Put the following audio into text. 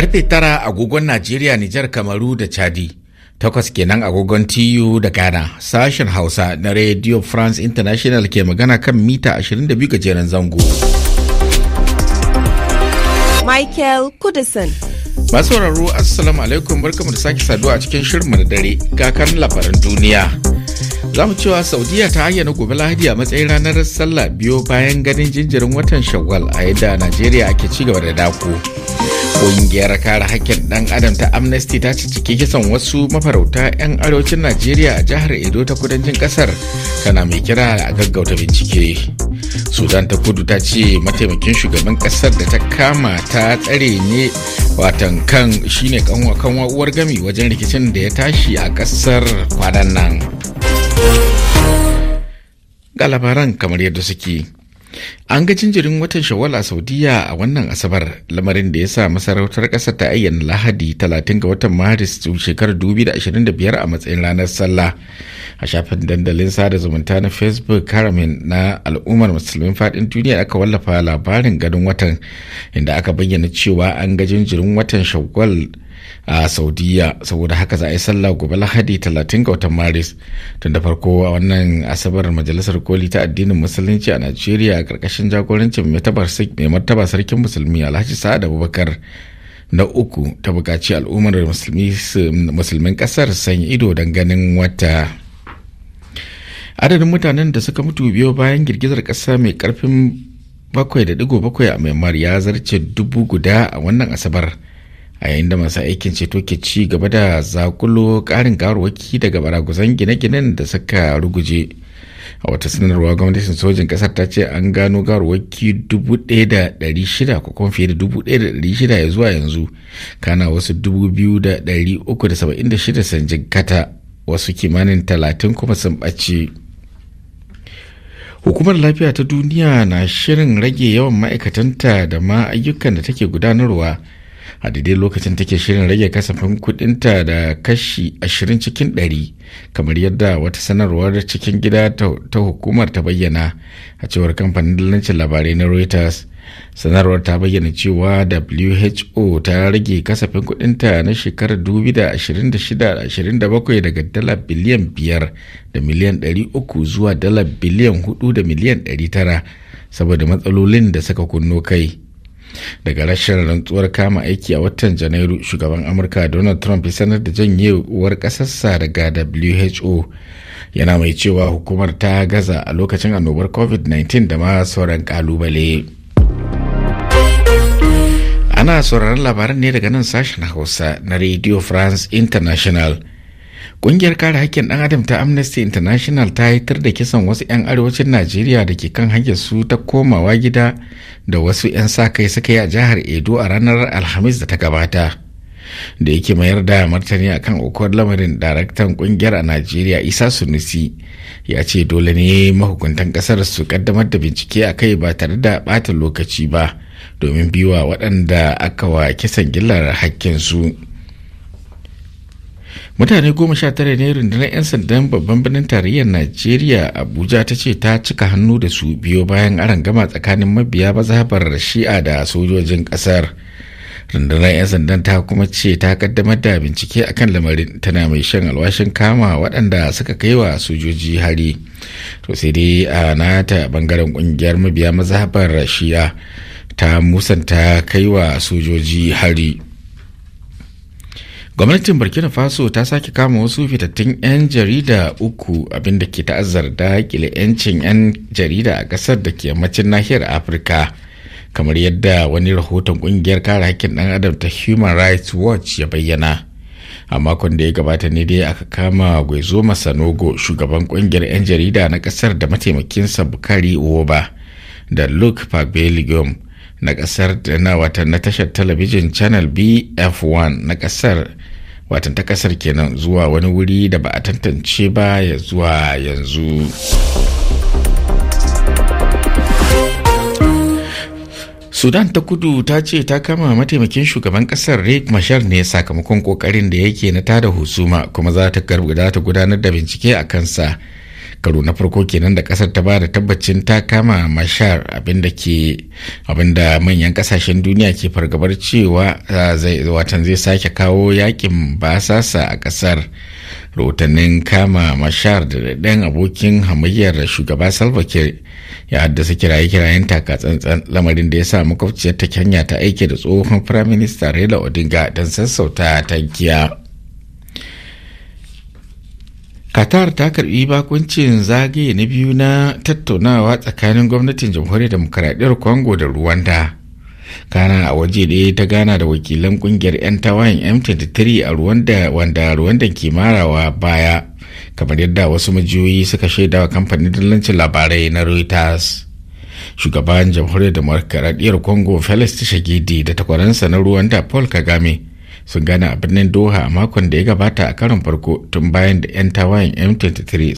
Karfe tara agogon Najeriya, Nijar, Kamaru da Chadi. Takwas kenan agogon TU da Ghana. Sashen Hausa na Radio France International ke magana kan mita 22 gajeren zango. Michael Kudison. Masu sauraro Assalamu alaikum barkamu da sake saduwa a cikin shirinmu da dare ga kan labaran duniya. Za mu cewa Saudiya ta ayyana gobe Lahadi a matsayin ranar sallah biyo bayan ganin jinjirin watan Shawwal a yadda Najeriya ake ci gaba da dako. Ƙungiyar kare haƙƙin ɗan adam ta Amnesty ta ciki kisan wasu mafarauta 'yan arewacin Najeriya a jihar Edo ta kudancin ƙasar tana mai kira a gaggauta bincike. Sudan ta kudu ta ce mataimakin shugaban ƙasar da ta kama ta tsare ne watan kan shine kanwa uwar gami wajen rikicin da ya tashi a ƙasar kwanan nan. Ga labaran kamar yadda suke. An ga jinjirin watan Shawwal a Saudiya a wannan Asabar, lamarin da ya sa masarautar ƙasar ta ayyana Lahadi 30 ga watan Maris shekarar 2025 a matsayin ranar sallah. A shafin dandalin sada zumunta na Facebook Karamin na al'ummar musulmin faɗin duniya aka wallafa labarin ganin watan inda aka bayyana cewa an ga jinjirin watan Shawwal a saudiya saboda haka za a yi sallah gobe lahadi 30 ga watan maris tun da farko a wannan asabar majalisar koli ta addinin musulunci a najeriya a karkashin jagorancin mai martaba sarkin musulmi alhaji sa'ad abubakar na uku ta bukaci al'ummar musulmin kasar sanya ido don ganin wata adadin mutanen da suka mutu biyo bayan girgizar kasa mai karfin 7.7 a maimar ya zarce dubu guda a wannan asabar. a yayin da masu aikin ceto ke ci gaba da zakulo karin karuwaki daga baragusan gine-ginen da suka ruguje a wata sanarwa gwamnatin sojin kasar ta ce an gano garwaki 1,600 ko kuma fiye da 1,600 ya zuwa yanzu kana wasu 2,376 sun jinkata wasu kimanin talatin kuma sun ɓace hukumar lafiya ta duniya na shirin rage yawan ma'aikatanta da ma ayyukan da take gudanarwa a daidai lokacin take shirin rage kasafin kudinta da kashi 20 cikin 100 kamar yadda wata sanarwar cikin gida ta hukumar ta bayyana a cewar kamfanin dalilancin labarai na reuters sanarwar ta bayyana cewa who ta rage kasafin kudinta na shekarar 2026-27 daga dala biliyan 5 da miliyan 300 zuwa dala biliyan 4 da miliyan 900 saboda matsalolin da suka kunno kai. daga rashin rantsuwar kama aiki a watan janairu shugaban amurka donald trump ya sanar da janyewar kasarsa daga who yana mai cewa hukumar ta gaza a lokacin annobar covid-19 da ma sauran kalubale ana sauraron labaran ne daga nan sashen hausa na radio france international Ƙungiyar kare haƙƙin ɗan adam ta Amnesty International ta haitar da kisan wasu 'yan arewacin Najeriya da ke kan hanyar su ta komawa gida da wasu 'yan sa-kai suka yi a jihar Edo a ranar Alhamis da ta gabata. Da yake mayar da martani a kan ukuwar lamarin daraktan ƙungiyar a Najeriya Isa Sunusi ya ce dole ne mahukuntan ƙasar su ƙaddamar da bincike a kai ba tare da bata lokaci ba domin biwa waɗanda aka wa kisan gillar haƙƙinsu. su. mutane goma sha tara ne rundunar 'yan sandan babban birnin tarayyar najeriya abuja ta ce ta cika hannu da su biyo bayan aron gama tsakanin mabiya mazhabar shi'a da sojojin kasar rundunar 'yan sandan ta kuma ce ta kaddamar da bincike akan lamarin tana mai shan alwashin kama waɗanda suka kai wa sojoji hari to sai dai a nata bangaren ƙungiyar mabiya mazhabar shi'a ta musanta kai wa sojoji hari gwamnatin burkina faso ta sake kama wasu fitattun 'yan jarida uku abinda ke ta'azzar da kila 'yancin 'yan jarida a ƙasar da ke yammacin nahiyar afirka kamar yadda wani rahoton kungiyar kare hakkin dan adam ta human rights watch ya bayyana a makon da ya gabata ne dai aka kama gwaizo masanogo shugaban kungiyar 'yan jarida na ƙasar da mataimakinsa bukari oba da luke pagbeligum na kasar da na watan na tashar talabijin channel bf1 na kasar watan ta kasar kenan zuwa wani wuri da ba a tantance ba ya zuwa yanzu sudan ta kudu ta ce ta kama mataimakin shugaban kasar rick mashar ne sakamakon kokarin da yake na tada husuma kuma za ta gudanar da bincike a kansa karo na farko kenan da kasar ta ba tabbacin ta kama mashar abinda manyan kasashen duniya ke fargabar cewa watan zai sake kawo yakin basasa a kasar rahotannin kama mashar da ɗan abokin hamayyar shugaba salva ya haddasa kiraye-kirayen taka-tsantsan lamarin da ya sa makwabciyar ta kenya ta aike da tsohon firaminista raila odinga don sassauta tankiya Katar ta karbi bakuncin zagaye na biyu na tattaunawa tsakanin gwamnatin jamhuriyar demokaradiyyar congo da rwanda kana a waje ɗaya ta gana da wakilan kungiyar 'yan tawayen m23 a rwanda wanda rwanda ke marawa baya kamar yadda wasu majiyoyi suka shaida shaidawa kamfanin dillancin labarai na reuters shugaban jamhuriyar demokaradiyyar congo felix tshisekedi da takwaransa na rwanda paul kagame sun gane a birnin doha a makon da ya gabata a karon farko tun bayan da 'yan tawayen m23